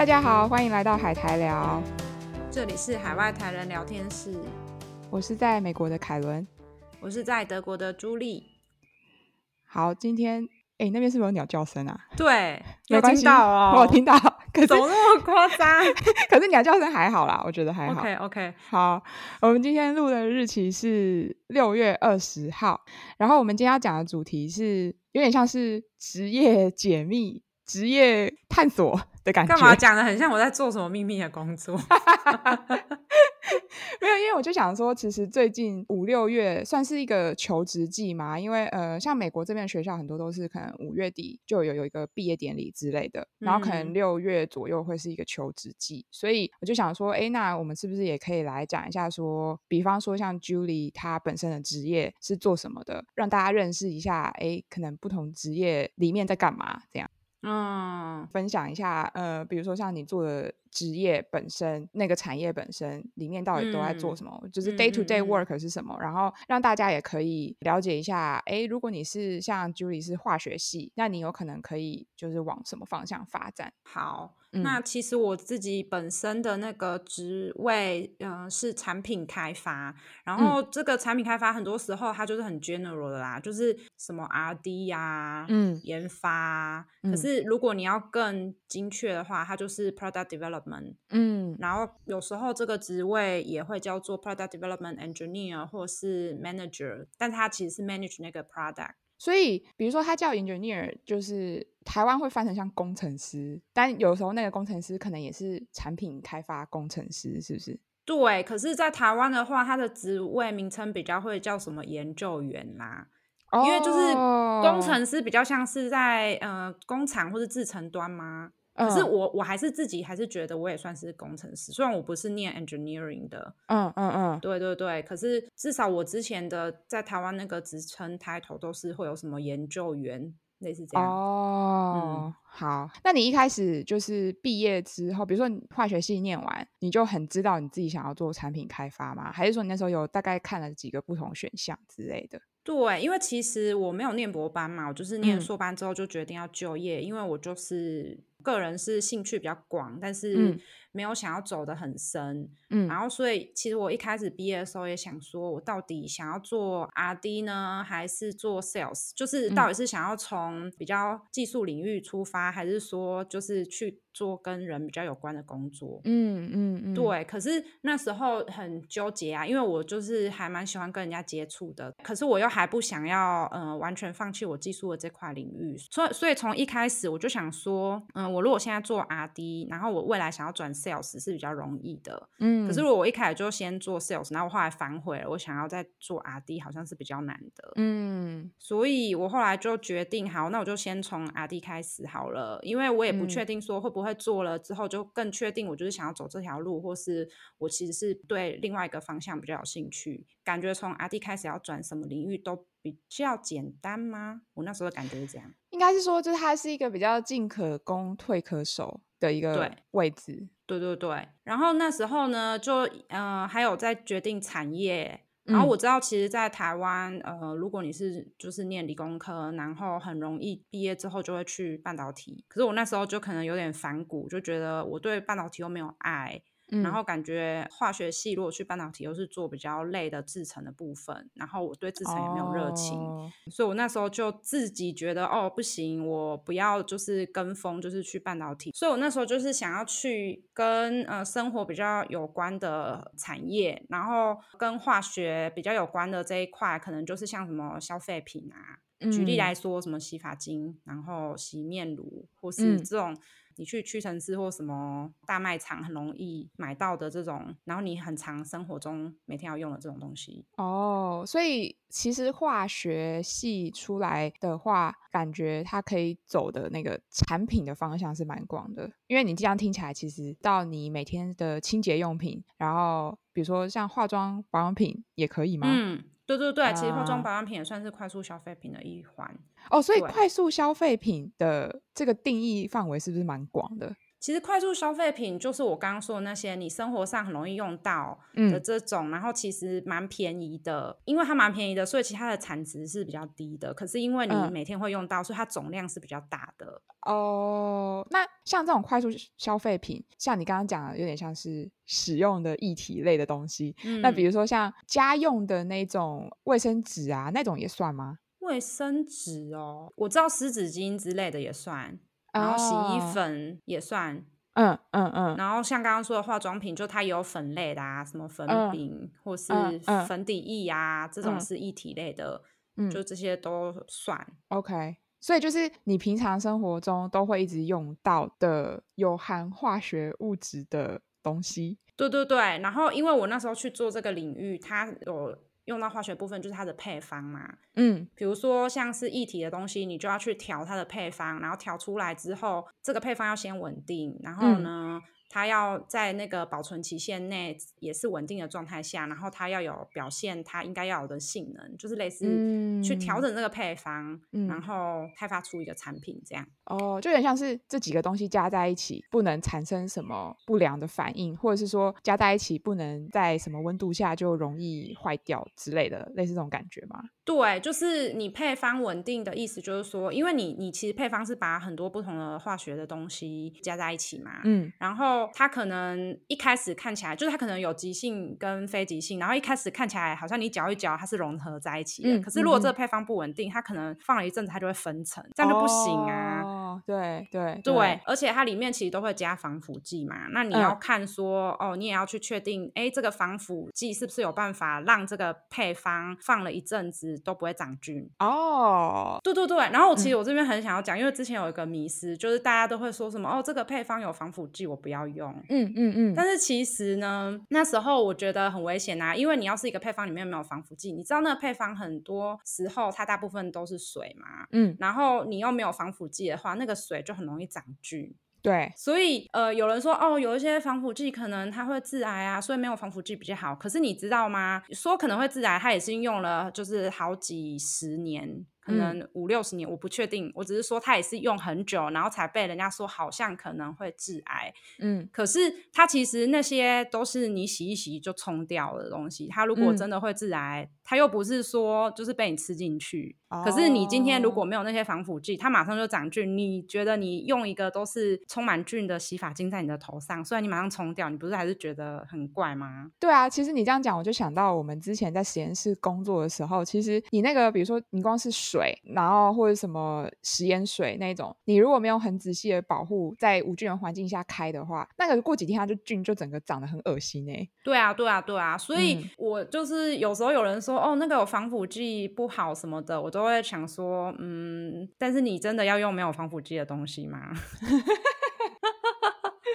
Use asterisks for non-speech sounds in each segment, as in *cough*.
大家好，歡迎來到海台聊，這裡是海外台人聊天室。我是在美國的凱倫，我是在德國的朱莉。好，今天哎、欸，那邊是不是有鳥叫聲啊？對，有聽到哦，我有聽到。可是怎麼那麼誇張？可是鳥叫聲還好啦，我覺得還好。OK OK。好，我們今天錄的日期是六月二十號，然後我們今天要講的主題是有點像是職業解密。職業探索的感覺，干嘛講得很像我在做什麼秘密的工作？ *laughs* *laughs* 沒有，因為我就想說，其實最近五六月算是一個求職季嘛。因為呃，像美國這邊學校很多都是可能五月底就有有一個畢業典禮之類的、嗯，然後可能六月左右會是一個求職季，所以我就想說，哎、欸，那我們是不是也可以來講一下，說，比方說像 Julie 她本身的職業是做什麼的，讓大家認識一下，哎、欸，可能不同職業裡面在幹嘛，這樣。嗯，分享一下，呃，比如說像你做的職業本身，那個產業本身裡面到底都在做什麼，嗯、就是 day to day work 是什麼、嗯，然後讓大家也可以了解一下。誒，如果你是像 Julie 是化學系，那你有可能可以就是往什麼方向發展？好。嗯、那其實我自己本身的那個職位，嗯、呃，是產品開發。然後這個產品開發很多時候它就是很 general 的啦，就是什麼 R&D 呀、啊，嗯，研發。可是如果你要更精確的話，它就是 product development。嗯，然後有時候這個職位也會叫做 product development engineer，或是 manager，但它其實是 manage 那個 product。所以，比如說他叫 engineer，就是台灣會翻成像工程師，但有時候那個工程師可能也是產品開發工程師，是不是？對。可是，在台灣的話，他的職位名稱比較會叫什麼研究員啦，Oh. 因為就是工程師比較像是在呃工廠或是製程端嗎？可是我、嗯、我還是自己還是覺得我也算是工程師，雖然我不是念 engineering 的，嗯嗯嗯，對對對。可是至少我之前的在台灣那個職稱 title 都是會有什麼研究員類似這樣。哦、嗯，好。那你一開始就是畢業之後，比如說化學系念完，你就很知道你自己想要做產品開發嗎？還是說你那時候有大概看了幾個不同選項之類的？對，因為其實我沒有念博班嘛，我就是念碩班之後就決定要就業，嗯、因為我就是。個人是興趣比較廣，但是、嗯。沒有想要走得很深，嗯，然後所以其實我一開始畢業的時候也想說，我到底想要做 RD 呢，還是做 Sales？就是到底是想要從比較技術領域出發，還是說就是去做跟人比較有關的工作？嗯嗯嗯，對。可是那時候很糾結啊，因為我就是還蠻喜歡跟人家接觸的，可是我又還不想要嗯、呃、完全放棄我技術的這塊領域，所以所以從一開始我就想說，嗯、呃，我如果現在做 RD，然後我未來想要轉。sales 是比較容易的，嗯，可是如果我一開始就先做 sales，然後我後來反悔了，我想要再做 RD 好像是比較難的，嗯，所以我後來就決定，好，那我就先從 RD 開始好了，因為我也不確定說會不會做了之後、嗯、就更確定，我就是想要走這條路，或是我其實是對另外一個方向比較有興趣。感覺從 RD 開始要轉什麼領域都比較簡單嗎？我那時候的感覺是這樣，應該是說，就是它是一個比較進可攻、退可守的一個位置。對對對對，然後那時候呢，就呃還有在決定產業，嗯、然後我知道其實，在台灣呃如果你是就是念理工科，然後很容易畢業之後就會去半導體，可是我那時候就可能有點反骨，就覺得我對半導體又沒有愛。然後感覺化學系，如果去半導體，又是做比較累的製程的部分，然後我對製程也沒有熱情，哦、所以我那時候就自己覺得哦，不行，我不要就是跟風，就是去半導體。所以我那時候就是想要去跟呃生活比較有關的產業，然後跟化學比較有關的這一塊，可能就是像什麼消費品啊，嗯、舉例來說，什麼洗髮精，然後洗面乳，或是這種。你去屈臣氏或什麼大賣場很容易買到的這種，然後你很常生活中每天要用的這種東西。哦，所以其實化學系出來的話，感覺它可以走的那個產品的方向是蠻廣的。因為你這樣聽起來，其實到你每天的清潔用品，然後比如說像化妝保養品也可以嗎？嗯。對對對，uh, 其實化妝保養品也算是快速消費品的一環哦，所、oh, 以、so、快速消費品的這個定義範圍是不是蠻廣的？其實快速消費品就是我剛剛說的那些你生活上很容易用到的這種、嗯，然後其實蠻便宜的，因為它蠻便宜的，所以其實它的產值是比較低的。可是因為你每天會用到、嗯，所以它總量是比較大的。哦，那像這種快速消費品，像你剛剛講的，有點像是使用的液體類的東西、嗯。那比如說像家用的那種衛生紙啊，那種也算嗎？衛生紙哦，我知道濕紙巾之類的也算。然後洗衣粉也算，哦、嗯嗯嗯。然後像剛剛說的化妝品，就它有粉類的啊，什麼粉餅，嗯、或是粉底液啊，嗯、這種是液體類的，嗯，就這些都算、嗯。OK，所以就是你平常生活中都會一直用到的有含化學物質的東西。對對對，然後因為我那時候去做這個領域，它有。用到化學部分就是它的配方嘛，嗯，比如說像是液體的東西，你就要去調它的配方，然後調出來之後，這個配方要先穩定，然後呢。嗯它要在那個保存期限內也是穩定的狀態下，然後它要有表現它應該要有的性能，就是類似去調整這個配方，嗯，然後開發出一個產品這樣。哦，就有點像是這幾個東西加在一起不能產生什麼不良的反應，或者是說加在一起不能在什麼溫度下就容易壞掉之類的，類似這種感覺嗎？對，就是你配方穩定的意思就是說，因為你你其實配方是把很多不同的化學的東西加在一起嘛，嗯，然後。它可能一開始看起來，就是它可能有極性跟非極性，然後一開始看起來好像你攪一攪，它是融合在一起的，嗯。可是如果這個配方不穩定，嗯，它可能放了一陣子，它就會分層，這樣就不行啊。哦。對對對，對，對，而且它裡面其實都會加防腐劑嘛，那你要看說，嗯、哦，你也要去確定，哎、欸，這個防腐劑是不是有辦法讓這個配方放了一陣子都不會長菌？哦。對對對，然後我其實我這邊很想要講，嗯，因為之前有一個迷思，就是大家都會說什麼，哦，這個配方有防腐劑，我不要用。用。嗯，嗯嗯嗯，但是其實呢，那時候我覺得很危險啊，因為你要是一個配方裡面沒有防腐劑，你知道那個配方很多時候它大部分都是水嘛，嗯，然後你又沒有防腐劑的話，那個水就很容易長菌，對，所以呃有人說哦，有一些防腐劑可能它會致癌啊，所以沒有防腐劑比較好。可是你知道嗎？說可能會致癌，它也是用了就是好幾十年。可能五六十年，嗯，我不確定。我只是說，它也是用很久，然後才被人家說好像可能會致癌。嗯，可是它其實那些都是你洗一洗就沖掉的東西。它如果真的會致癌，它、嗯、又不是說就是被你吃進去。可是你今天如果沒有那些防腐劑，oh. 它馬上就長菌。你覺得你用一個都是充滿菌的洗髮精在你的頭上，雖然你馬上沖掉，你不是還是覺得很怪嗎？對啊，其實你這樣講，我就想到我們之前在實驗室工作的時候，其實你那個，比如說你光是水，然後或者什麼食鹽水那種，你如果沒有很仔細的保護，在無菌的環境下開的話，那個過幾天它就菌就整個長得很噁心呢、欸。對啊，對啊，對啊，所以我就是有時候有人說、嗯、哦，那個有防腐劑不好什麼的，我都。都會想說，嗯，但是你真的要用沒有防腐劑的東西嗎？ *laughs*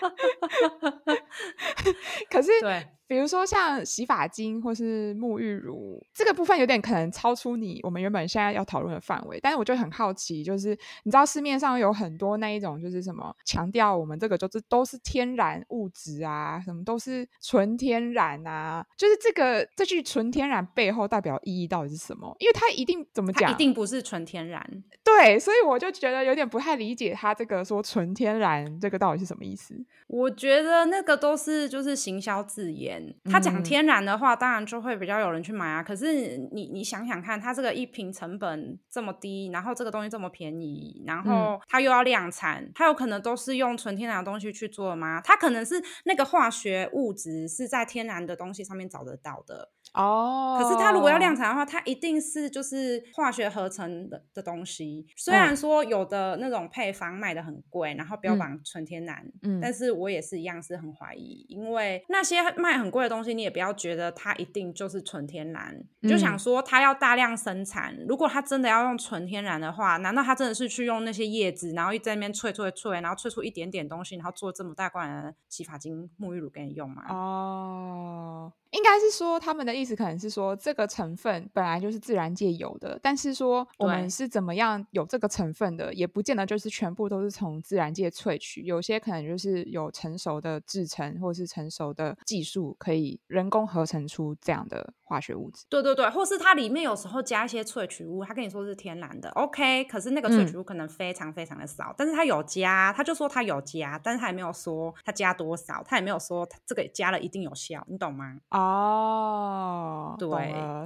*laughs* 可是對。比如說像洗髮精或是沐浴乳，這個部分有點可能超出你我們原本現在要討論的範圍。但是我就很好奇，就是你知道市面上有很多那一種，就是什麼強調我們這個就是都是天然物質啊，什麼都是純天然啊。就是這個這句純天然背後代表意義到底是什麼？因為它一定怎麼講，一定不是純天然。對，所以我就覺得有點不太理解他這個說純天然這個到底是什麼意思。我覺得那個都是就是行銷字眼。嗯，他講天然的話，當然就會比較有人去買啊。可是你你想想看，他這個一瓶成本這麼低，然後這個東西這麼便宜，然後他又要量產，他有可能都是用純天然的東西去做嗎？他可能是那個化學物質是在天然的東西上面找得到的。哦、oh，可是它如果要量產的話，它一定是就是化學合成的的東西。雖然說有的那種配方賣的很貴，然後標榜純天然，嗯，嗯，但是我也是一樣是很懷疑，因為那些賣很貴的東西，你也不要覺得它一定就是純天然。嗯，就想說它要大量生產。如果它真的要用純天然的話，難道它真的是去用那些葉子，然後一在那邊萃萃萃，然後萃出一點點東西，然後做這麼大罐的洗髮精、沐浴乳給你用嗎？哦、oh，應該是說他們的意。意思可能是說這個成分本來就是自然界有的，但是說我們是怎麼樣有這個成分的，也不見得就是全部都是從自然界萃取，有些可能就是有成熟的製程或是成熟的技術可以人工合成出這樣的化學物質。對對對，或是它裡面有時候加一些萃取物，他跟你說是天然的，OK，可是那個萃取物可能非常非常的少，嗯、但是他有加，他就說他有加，但是他也沒有說他加多少，他也沒有說他這個加了一定有效，你懂嗎？哦。哦，對，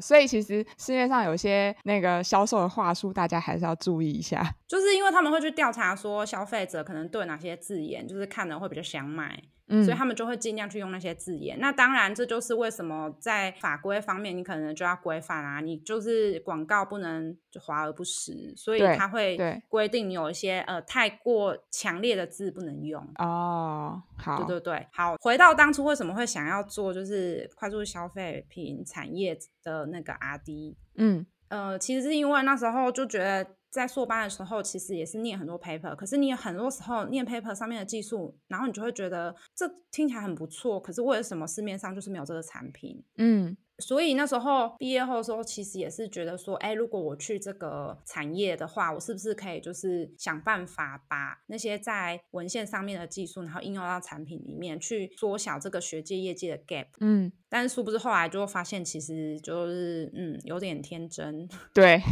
所以其實市面上有些那個銷售的話術，大家還是要注意一下。就是因為他們會去調查，說消費者可能對哪些字眼，就是看了會比較想買。嗯，所以他們就會盡量去用那些字眼。那當然，這就是為什麼在法規方面，你可能就要規範啊，你就是廣告，不能華而不實，所以他會規定你有一些呃太過強烈的字不能用。哦，好，對對對，好。回到當初為什麼會想要做就是快速消費品產業的那個 RD。嗯，呃，其實是因為那時候就覺得。在碩班的時候，其實也是念很多 paper，可是你有很多時候念 paper 上面的技術，然後你就會覺得這聽起來很不錯，可是為什麼市面上就是沒有這個產品？嗯，所以那時候畢業後的時候，其實也是覺得說，哎、欸，如果我去這個產業的話，我是不是可以就是想辦法把那些在文獻上面的技術，然後應用到產品裡面，去縮小這個學界業界的 gap？嗯，但是殊不知後來就發現，其實就是嗯，有點天真。對。 *laughs*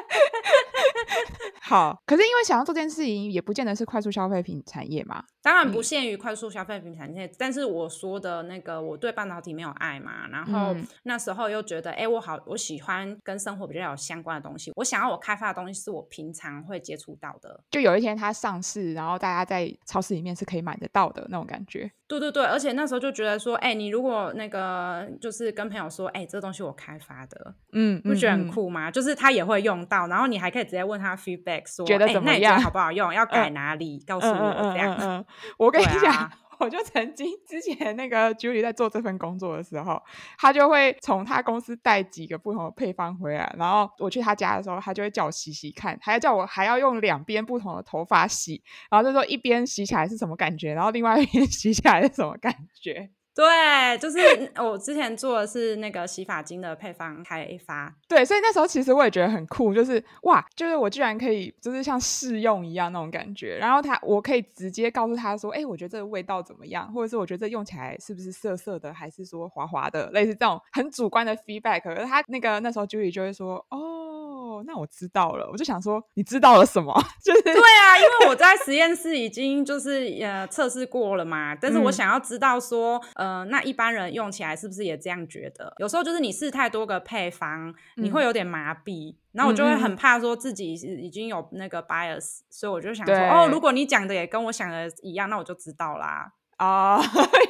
好，可是因為想要做這件事情，也不見得是快速消費品產業嘛。當然不限於快速消費品產業，嗯，但是我說的那個，我對半導體沒有愛嘛。然後那時候又覺得，哎、嗯欸，我好，我喜歡跟生活比較有相關的東西。我想要我開發的東西是我平常會接觸到的。就有一天它上市，然後大家在超市裡面是可以買得到的那種感覺。對對對，而且那時候就覺得說，哎、欸，你如果那個就是跟朋友說，哎、欸，這個東西我開發的，嗯，不覺得很酷嗎？嗯嗯。就是他也會用到，然後你還可以直接問他 feedback。覺得怎麼樣？欸、好不好用、呃？要改哪裡？呃、告訴我、呃、這樣子、呃呃呃。我跟你講、啊，我就曾經之前那個 Julie 在做這份工作的時候，他就會從他公司帶幾個不同的配方回來，然後我去他家的時候，他就會叫我洗洗看，還要叫我還要用兩邊不同的頭髮洗，然後就說一邊洗起來是什麼感覺，然後另外一邊洗起來是什麼感覺。對，就是我之前做的是那個洗髮精的配方開發。對，所以那時候其實我也覺得很酷，就是哇，就是我居然可以，就是像試用一樣那種感覺。然後他，我可以直接告訴他說，哎，我覺得這個味道怎麼樣，或者是我覺得這用起來是不是澀澀的，還是說滑滑的，類似這種很主觀的 feedback。而他那個那時候 Julie 就會說，哦。那我知道了，我就想說，你知道了什麼？就是對啊，因為我在實驗室已經就是呃測試過了嘛，但是我想要知道說、嗯，呃，那一般人用起來是不是也這樣覺得？有時候就是你試太多個配方，你會有點麻痹、嗯，然後我就會很怕說自己已經有那個 bias，所以我就想說，哦，如果你講的也跟我想的一樣，那我就知道啦。哦，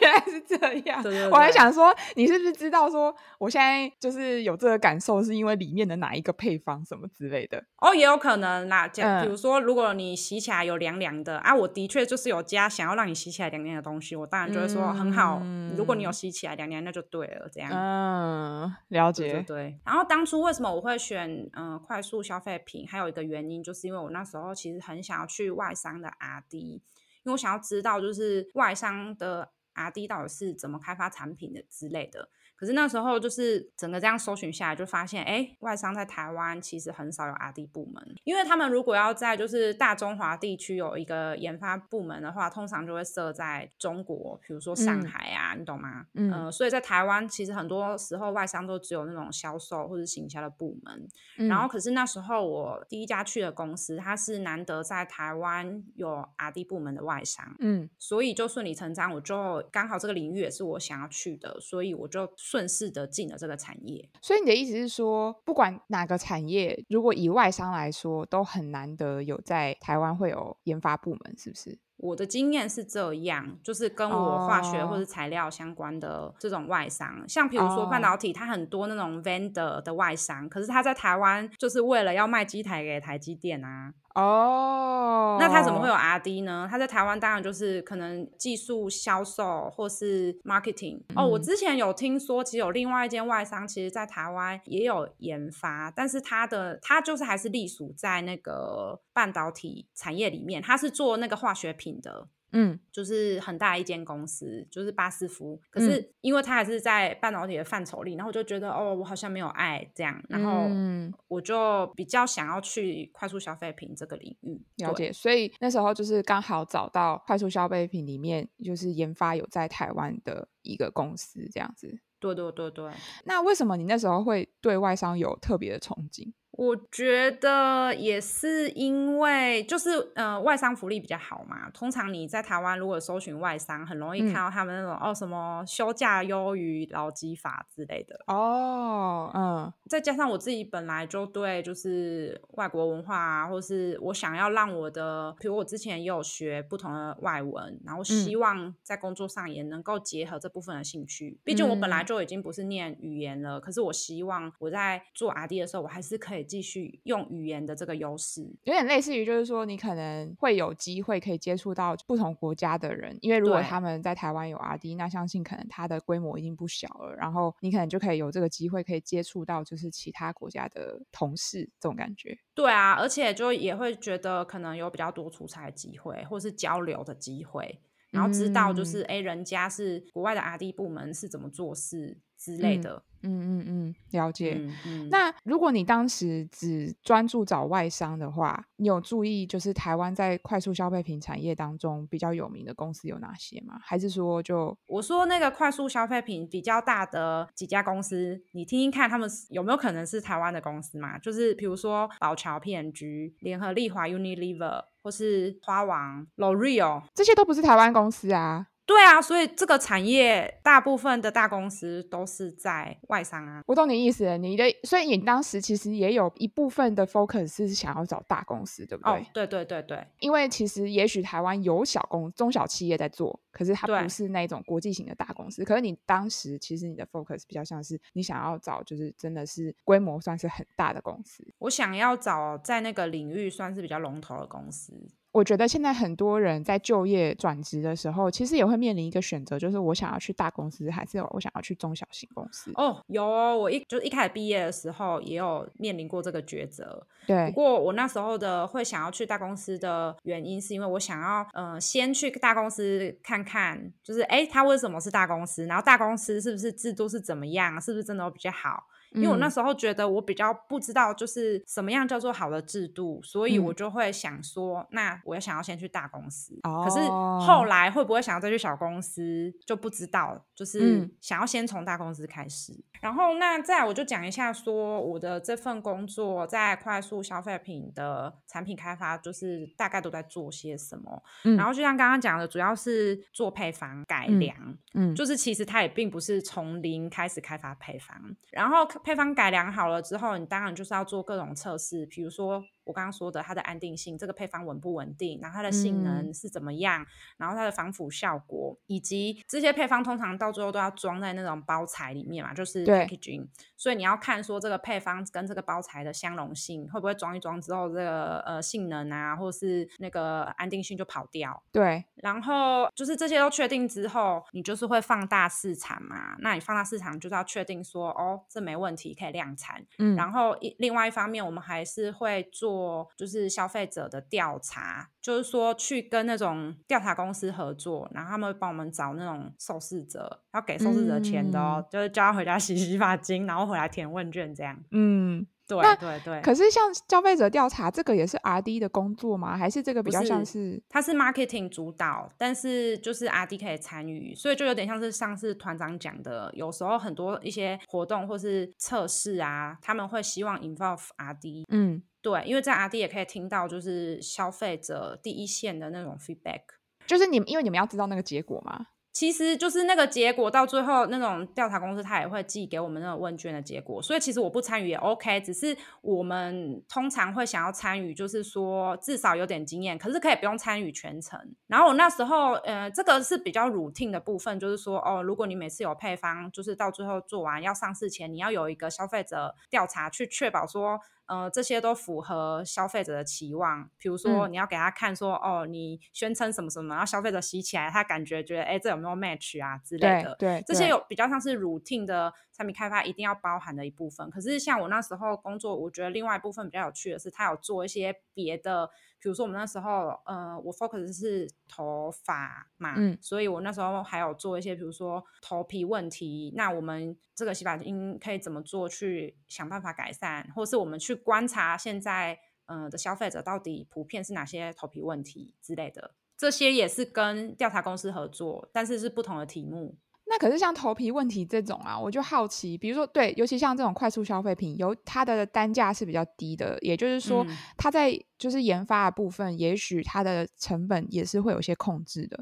原來是這樣對對對。我還想說，你是不是知道說，我現在就是有這個感受，是因為裡面的哪一個配方什麼之類的？哦，也有可能啦，那比如說，如果你洗起來有涼涼的，嗯、啊，我的確就是有加想要讓你洗起來涼涼的東西，我當然就會說很好、嗯。如果你有洗起來涼涼，那就對了，這樣。嗯，了解。就是、對。然後當初為什麼我會選嗯、呃、快速消費品？還有一個原因，就是因為我那時候其實很想要去外商的 R&D。因為我想要知道，就是外商的阿 d 到底是怎麼開發產品的之類的。可是那時候就是整個這樣搜尋下來，就發現誒、欸、外商在台灣其實很少有 RD 部門，因為他們如果要在就是大中華地區有一個研發部門的話，通常就會設在中國，譬如說上海啊、嗯，你懂嗎？嗯，呃、所以在台灣其實很多時候外商都只有那種銷售或是行銷的部門。嗯、然後，可是那時候我第一家去的公司，它是難得在台灣有 RD 部門的外商，嗯，所以就順理成章，我就剛好這個領域也是我想要去的，所以我就。順勢的進了這個產業。所以你的意思是說，不管哪個產業，如果以外商來說，都很難得有在台灣會有研發部門，是不是？我的經驗是這樣，就是跟我化學或者材料相關的這種外商，Oh. 像比如說半導體，它很多那種 vendor 的外商，可是它在台灣就是為了要賣機台給台積電啊。哦、oh，那他怎麼會有 R&D 呢？他在台灣當然就是可能技術、銷售或是 marketing。哦，嗯、我之前有聽說，其實有另外一間外商，其實，在台灣也有研發，但是他的他就是還是隸屬在那個半導體產業裡面，他是做那個化學品的。嗯，就是很大一間公司，就是巴斯夫。可是因為他還是在半導體的範疇裡，然後我就覺得哦，我好像沒有愛這樣，然後嗯，我就比較想要去快速消費品這個領域，嗯，了解。所以那時候就是剛好找到快速消費品裡面，就是研發有在台灣的一個公司這樣子。對對對對。那為什麼你那時候會對外商有特別的憧憬？我覺得也是因為就是呃，外商福利比較好嘛。通常你在台灣如果搜尋外商，很容易看到他們那種、嗯、哦什麼休假優於勞基法之類的哦嗯。再加上我自己本來就對就是外國文化啊，或是我想要讓我的，譬如，我之前也有學不同的外文，然後希望在工作上也能夠結合這部分的興趣。畢、嗯、竟我本來就已經不是念語言了，嗯、可是我希望我在做 RD 的時候，我還是可以。繼續用語言的這個優勢，有點類似於就是說，你可能會有機會可以接觸到不同國家的人，因為如果他們在台灣有 R D，那相信可能他的規模已經不小了，然後你可能就可以有這個機會可以接觸到就是其他國家的同事這種感覺。對啊，而且就也會覺得可能有比較多出差的機會，或是交流的機會，然後知道就是哎、嗯，人家是國外的 R D 部門是怎麼做事之類的，嗯嗯嗯,嗯，了解、嗯嗯。那如果你當時只專注找外商的話，你有注意就是台灣在快速消費品產業當中比較有名的公司有哪些嗎？還是說就我說那個快速消費品比較大的幾家公司，你聽聽看他們有沒有可能是台灣的公司嘛？就是比如說寶僑 P&G、聯合利華 Unilever，或是花王、L'Oréal 這些都不是台灣公司啊。對啊，所以這個產業大部分的大公司都是在外商啊。我懂你意思，你的，所以你當時其實也有一部分的 focus 是想要找大公司，對不對？哦，對對對對。因為其實也許台灣有小公中小企業在做，可是它不是那種國際型的大公司。可是你當時其實你的 focus 比較像是你想要找就是真的是規模算是很大的公司。我想要找在那個領域算是比較龍頭的公司。我覺得現在很多人在就業轉職的時候，其實也會面臨一個選擇，就是我想要去大公司，還是我想要去中小型公司。哦，有哦，我一就一開始畢業的時候也有面臨過這個抉擇。對，不過我那時候的會想要去大公司的原因，是因為我想要嗯、呃、先去大公司看看，就是哎，他為什麼是大公司？然後大公司是不是制度是怎麼樣？是不是真的比較好？因為我那時候覺得我比較不知道就是什麼樣叫做好的制度，所以我就會想說，嗯、那我要想要先去大公司、哦。可是後來會不會想要再去小公司就不知道，就是想要先從大公司開始。嗯、然後那再我就講一下，說我的這份工作在快速消費品的產品開發，就是大概都在做些什麼。嗯、然後就像剛剛講的，主要是做配方改良嗯。嗯。就是其實它也並不是從零開始開發配方，然後。配方改良好了之後，你當然就是要做各種測試，比如說。我剛剛說的它的安定性，這個配方穩不穩定？然後它的性能是怎麼樣？嗯。然後它的防腐效果，以及這些配方通常到最後都要裝在那種包材裡面嘛，就是 packaging。對。所以你要看說這個配方跟這個包材的相容性，會不會裝一裝之後，這個呃性能啊，或是那個安定性就跑掉。對。然後就是這些都確定之後，你就是會放大市場嘛？那你放大市場就是要確定說哦，這沒問題，可以量產。嗯。然後一另外一方面，我們還是會做。做就是消費者的調查，就是說去跟那種調查公司合作，然後他們會幫我們找那種受試者，要給受試者錢的喔，嗯，就是叫他回家洗洗髮精，然後回來填問卷這樣。嗯。對，對對。可是像消費者調查這個也是 RD 的工作嗎？還是這個比較像是？它是，是 marketing 主導，但是就是 RD 可以參與，所以就有點像是上次團長講的，有時候很多一些活動或是測試啊，他們會希望 involve RD。嗯，對，因為在 RD 也可以聽到就是消費者第一線的那種 feedback。就是你，因為你們要知道那個結果嘛。其實就是那個結果，到最後那種調查公司他也會寄給我們那種問卷的結果，所以其實我不參與也 OK。只是我們通常會想要參與，就是說至少有點經驗，可是可以不用參與全程。然後我那時候，呃，這個是比較 routine 的部分，就是說哦，如果你每次有配方，就是到最後做完要上市前，你要有一個消費者調查去確保說。呃，這些都符合消費者的期望。比如說，你要給他看說，嗯、哦，你宣稱什麼什麼，然後消費者洗起來，他感覺覺得，哎、欸，這有沒有 match 啊之類的？對，對對。這些有比較像是 routine 的。產品開發一定要包含的一部分。可是像我那時候工作，我覺得另外一部分比較有趣的是，他有做一些別的，比如說我們那時候，呃，我 focus 是頭髮嘛，嗯，所以我那時候還有做一些，比如說頭皮問題。那我們這個洗髮精可以怎麼做去想辦法改善，或是我們去觀察現在嗯、呃、的消費者到底普遍是哪些頭皮問題之類的，這些也是跟調查公司合作，但是是不同的題目。那可是像頭皮問題這種啊，我就好奇，比如說對，尤其像這種快速消費品，由它的單價是比較低的，也就是說，嗯、它在就是研發的部分，也許它的成本也是會有些控制的。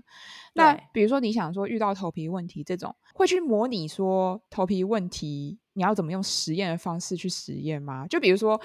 那比如說，你想說遇到頭皮問題這種，會去模擬說頭皮問題。你要怎麼用實驗的方式去實驗嗎？就比如說，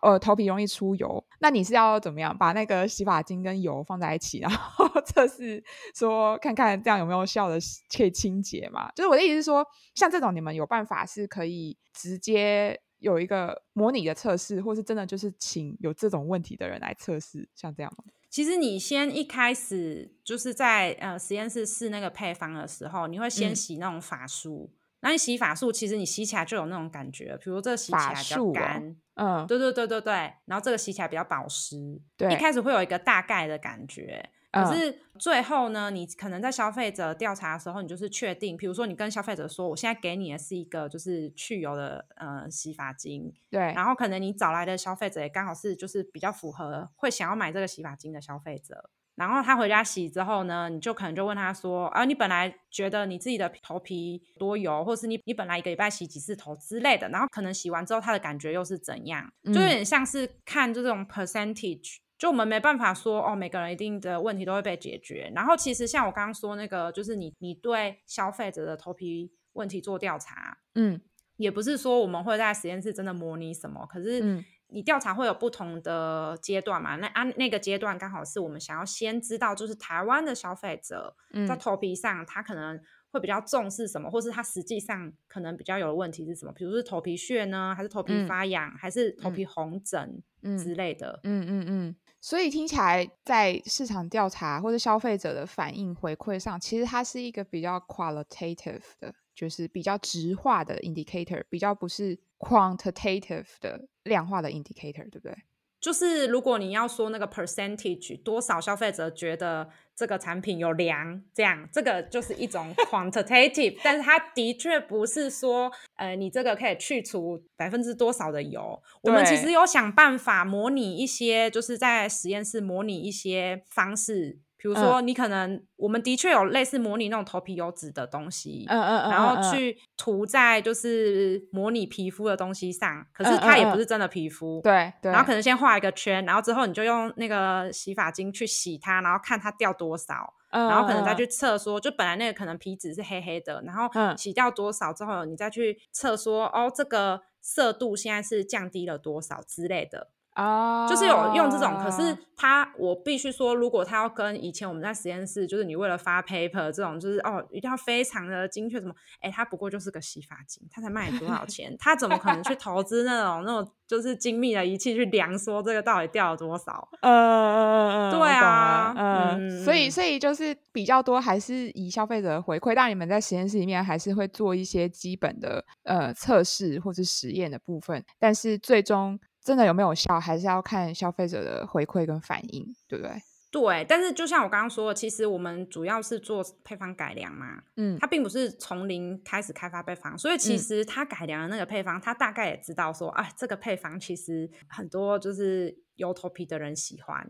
呃，頭皮容易出油，那你是要怎麼樣把那個洗髮精跟油放在一起，然後測試說看看這樣有沒有效的可以清潔嘛？就是我的意思是說，像這種你們有辦法是可以直接有一個模擬的測試，或是真的就是請有這種問題的人來測試，像這樣嗎？其實你先一開始就是在呃實驗室試那個配方的時候，你會先洗那種髮束，嗯那你洗髮素其實你洗起來就有那種感覺，比如說這個洗起來比較乾，哦，嗯，對對對對對。然後這個洗起來比較保濕，對，一開始會有一個大概的感覺，嗯，可是最後呢，你可能在消費者調查的時候，你就是確定，比如說你跟消費者說，我現在給你的是一個就是去油的、呃、洗髮精，對，然後可能你找來的消費者也剛好是就是比較符合會想要買這個洗髮精的消費者。然後他回家洗之後呢，你就可能就問他說：“啊，你本來覺得你自己的頭皮多油，或是你你本來一個禮拜洗幾次頭之類的，然後可能洗完之後他的感覺又是怎樣？就有點像是看這種 percentage，就我們沒辦法說哦，每個人一定的問題都會被解決。然後其實像我剛剛說那個，就是你你對消費者的頭皮問題做調查，嗯，也不是說我們會在實驗室真的模擬什麼，可是。嗯”你調查會有不同的階段嘛，那按、啊、那個階段，剛好是我們想要先知道，就是台灣的消費者在頭皮上，他可能會比較重視什麼，嗯、或是他實際上可能比較有的問題是什麼？比如是頭皮屑呢，還是頭皮發癢、嗯，還是頭皮紅疹之類的？嗯嗯嗯，嗯。所以聽起來，在市場調查或是消費者的反應回饋上，其實它是一個比較 qualitative 的，就是比較質化的 indicator，比較不是。quantitative 的量化的 indicator 對不對？就是如果你要說那個 percentage 多少消費者覺得這個產品有涼，這樣這個就是一種 quantitative， *laughs* 但是它的確不是說，呃，你這個可以去除百分之多少的油。我們其實有想辦法模擬一些，就是在實驗室模擬一些方式。比如說，你可能，嗯、我們的確有類似模擬那種頭皮油脂的東西，嗯嗯、然後去塗在就是模擬皮膚的東西上，嗯，可是它也不是真的皮膚，對、嗯、對。然後可能先畫一個圈，然後之後你就用那個洗髮精去洗它，然後看它掉多少，嗯、然後可能再去測說，嗯，就本來那個可能皮脂是黑黑的，然後洗掉多少之後，你再去測說，嗯，哦，這個色度現在是降低了多少之類的。哦，就是有用這種，哦、可是他我必須說，如果他要跟以前我們在實驗室，就是你為了發 paper 這種，就是哦，一定要非常的精確，什麼？誒、欸、他不過就是個洗髮精，他才賣多少錢？ *laughs* 他怎麼可能去投資那種 *laughs* 那種就是精密的儀器去量，說這個到底掉了多少？呃，嗯、對啊嗯，嗯，所以所以就是比較多還是以消費者的回饋，但你們在實驗室裡面還是會做一些基本的呃測試或是實驗的部分，但是最終。真的有沒有效，還是要看消費者的回饋跟反應，對不對？對，但是就像我剛剛說的，其實我們主要是做配方改良嘛，嗯，它並不是從零開始開發配方，所以其實它改良的那個配方，它、嗯、大概也知道說，啊，這個配方其實很多就是油頭皮的人喜歡。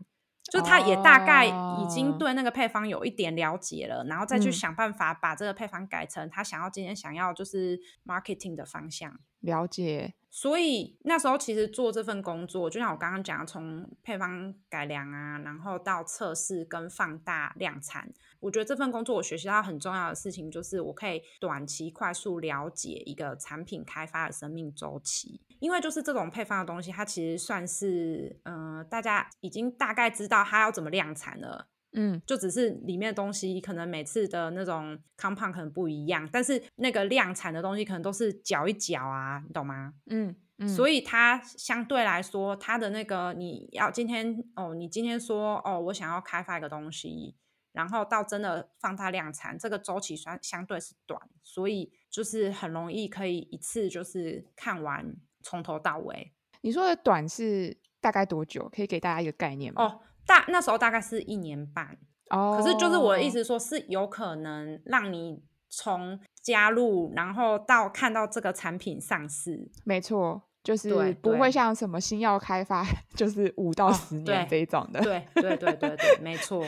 就他也大概已經對那個配方有一點了解了，哦，然後再去想辦法把這個配方改成他想要今天想要就是 marketing 的方向。了解。所以那時候其實做這份工作，就像我剛剛講，從配方改良啊，然後到測試跟放大量產。我覺得這份工作，我學習到很重要的事情就是，我可以短期快速了解一個產品開發的生命周期。因為就是這種配方的東西，它其實算是嗯、呃，大家已經大概知道它要怎麼量產了。嗯，就只是裡面的東西可能每次的那種 compound 可能不一樣，但是那個量產的東西可能都是攪一攪啊，你懂嗎？嗯嗯，所以它相對來說，它的那個你要今天哦，你今天說哦，我想要開發一個東西。然後到真的放大量產，這個周期相相對是短，所以就是很容易可以一次就是看完從頭到尾。你說的短是大概多久？可以給大家一個概念嗎？哦，大那時候大概是一年半。哦。可是就是我的意思說，是有可能讓你從加入，然後到看到這個產品上市。沒錯。就是不會像什麼新藥開發，就是五到十年對對、啊、這種的。對對對對對，沒錯。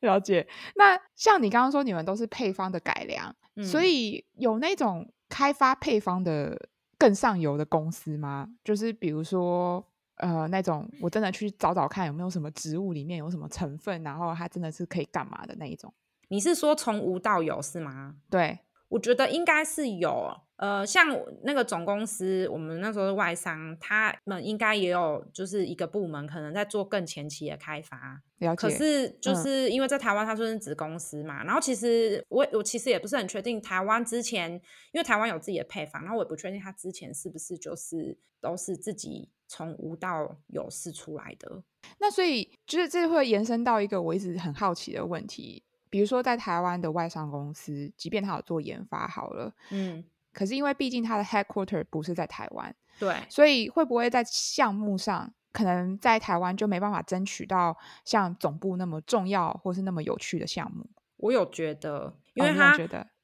了解。那像你剛剛說，你們都是配方的改良、嗯，所以有那種開發配方的更上游的公司嗎？就是比如說，呃，那種我真的去找找看，有沒有什麼植物裡面有什麼成分，然後它真的是可以幹嘛的那一種？你是說從無到有是嗎？對。我覺得應該是有，呃，像那個總公司，我們那時候的外商，他們應該也有，就是一個部門可能在做更前期的開發。了解。可是，就是因為在台灣，他算是子公司嘛。嗯、然後，其實我我其實也不是很確定，台灣之前因為台灣有自己的配方，然後我也不確定它之前是不是就是都是自己從無到有試出來的。那所以，就是這會延伸到一個我一直很好奇的問題。比如說，在台灣的外商公司，即便他有做研發好了，嗯，可是因為畢竟他的 headquarters 不是在台灣，對，所以會不會在項目上，可能在台灣就沒辦法爭取到像總部那麼重要或是那麼有趣的項目？我有覺得，因為他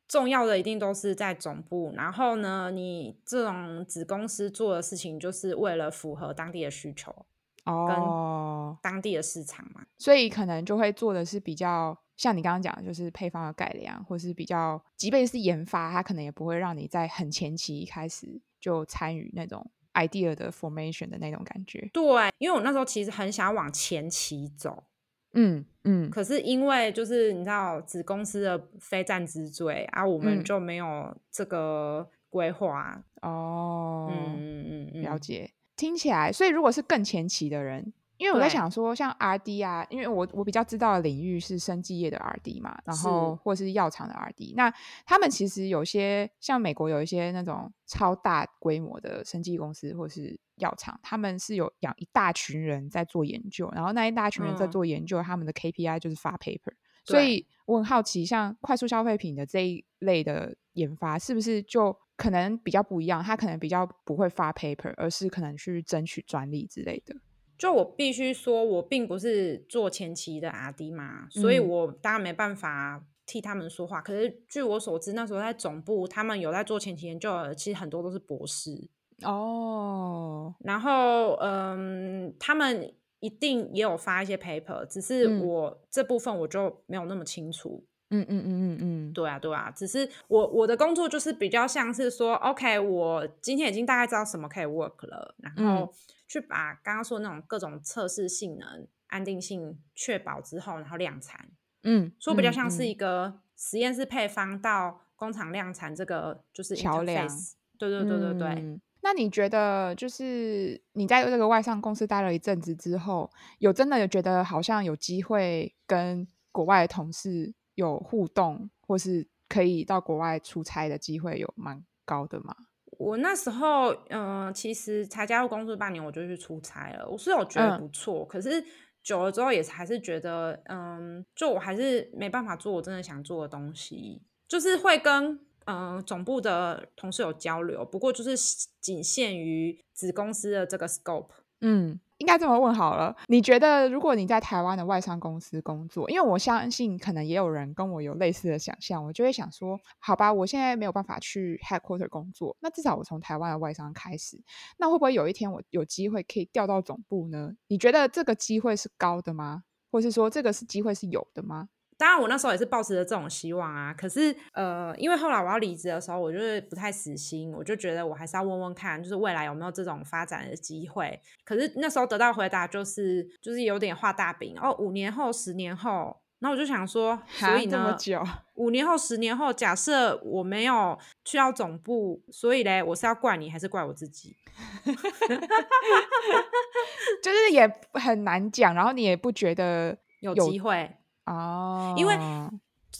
重要的一定都是在總部、哦，然後呢，你這種子公司做的事情，就是為了符合當地的需求，哦，跟當地的市場嘛、哦，所以可能就會做的是比較。像你剛剛講的，就是配方的改良，或是比較即便是研發，它可能也不會讓你在很前期一開始就參與那種 idea 的 formation 的那種感覺。對，因為我那時候其實很想往前期走。嗯嗯。可是因為就是你知道子公司的非戰之罪啊，我們就沒有這個規劃。嗯嗯、哦，嗯嗯嗯，了解。聽起來，所以如果是更前期的人。因為我在想說像 RD、啊，像 R D 啊，因為我我比較知道的領域是生技業的 R D 嘛，然後是或是藥廠的 R D。那他們其實有些像美國有一些那種超大規模的生技公司或是藥廠，他們是有養一大群人在做研究，然後那一大群人在做研究，嗯、他們的 K P I 就是發 paper。所以我很好奇，像快速消費品的這一類的研發，是不是就可能比較不一樣？他可能比較不會發 paper，而是可能去爭取專利之類的。就我必須說，我並不是做前期的 RD 嘛、嗯，所以我當然沒辦法替他們說話。可是據我所知，那時候在總部，他們有在做前期研究，其實很多都是博士哦。然後，嗯，他們一定也有發一些 paper，只是我這部分我就沒有那麼清楚。嗯嗯嗯嗯嗯嗯，對啊對啊，只是我我的工作就是比較像是說，OK，我今天已經大概知道什麼可以 work 了，然後去把剛剛說的那種各種測試性能、安定性確保之後，然後量產。嗯，說比較像是一個實驗室配方到工廠量產這個就是橋梁。對對對對對,對、嗯。那你覺得就是你在這個外商公司待了一陣子之後，有真的有覺得好像有機會跟國外的同事？有互動，或是可以到國外出差的機會有蠻高的嘛？我那時候，嗯、呃，其實才加入公司半年，我就去出差了。我雖然我覺得不錯、嗯，可是久了之後也還是覺得，嗯，就我還是沒辦法做我真的想做的東西。就是會跟嗯、呃、總部的同事有交流，不過就是僅限於子公司的這個 scope，嗯。應該這麼問好了，你覺得如果你在台灣的外商公司工作，因為我相信可能也有人跟我有類似的想象，我就會想說，好吧，我現在沒有辦法去 headquarter 工作，那至少我從台灣的外商開始，那會不會有一天我有機會可以調到總部呢？你覺得這個機會是高的嗎？或是說這個是機會是有的嗎？當然，我那時候也是抱持着這種希望啊。可是，呃，因為後來我要離職的時候，我就是不太死心，我就覺得我還是要問問看，就是未來有沒有這種發展的機會。可是那時候得到回答就是，就是有點畫大餅哦，五年後、十年後。那我就想說，所以那麼久，五年後、十年後，假設我沒有去到總部，所以嘞，我是要怪你還是怪我自己？ *laughs* *laughs* 就是也很難講。然後你也不覺得有，有機會。哦、oh.，因為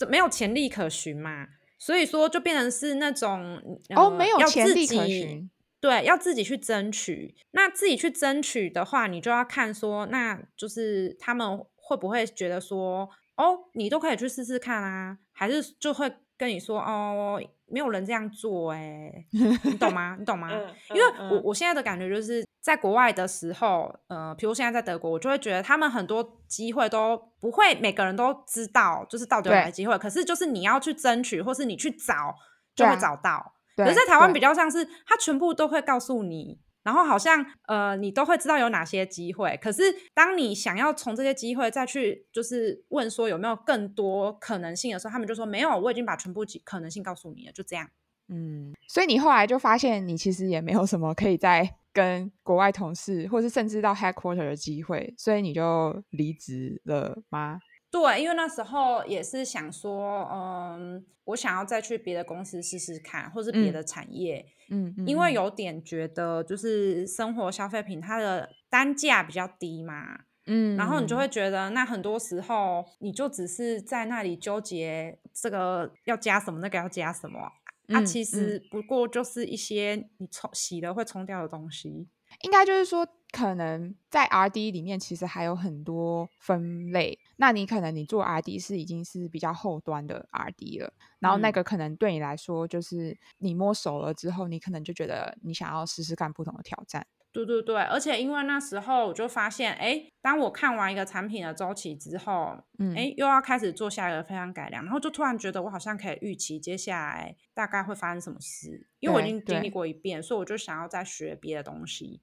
沒有前例可循嘛，所以說就變成是那種哦，沒有前例可循，對，要自己去爭取。那自己去爭取的話，你就要看說，那就是他們會不會覺得說，哦，你都可以去試試看啊，還是就會。跟你說哦，沒有人這樣做欸。你懂嗎？ *laughs* 你懂嗎？因為我我現在的感覺就是在國外的時候，呃，比如現在在德國，我就會覺得他們很多機會都不會每個人都知道，就是到底有沒有機會。可是就是你要去爭取，或是你去找，就會找到。對。可是在台灣比較像是，他全部都會告訴你。然後好像呃，你都會知道有哪些機會。可是當你想要從這些機會再去就是問說有沒有更多可能性的時候，他們就說沒有，我已經把全部可能性告訴你了，就這樣。嗯，所以你後來就發現你其實也沒有什麼可以再跟國外同事，或是甚至到 headquarters 的機會，所以你就離職了嗎？對，因為那時候也是想說，嗯，我想要再去別的公司試試看，或是別的產業，嗯，因為有點覺得就是生活消費品它的單價比較低嘛，嗯，然後你就會覺得那很多時候你就只是在那裡糾結這個要加什麼，那個要加什麼，它、嗯啊、其實不過就是一些你沖洗了會沖掉的東西，應該就是說。可能在 R D 裡面，其實還有很多分類。那你可能你做 R D 是已經是比較後端的 R D 了，然後那個可能對你來說，就是你摸熟了之後，你可能就覺得你想要試試看不同的挑戰。嗯。對對對，而且因為那時候我就發現，哎、欸，當我看完一個產品的周期之後，嗯，哎，又要開始做下一個非常改良，然後就突然覺得我好像可以預期接下來大概會發生什麼事，因為我已經經歷過一遍，所以我就想要再學別的東西。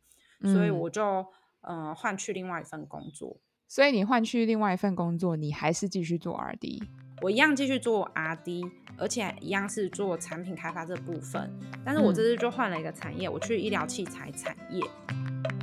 所以我就嗯、呃、換去另外一份工作，所以你換去另外一份工作，你還是繼續做 RD？我一樣繼續做 RD，而且一樣是做產品開發這部分，但是我這次就換了一個產業，我去醫療器材產業。嗯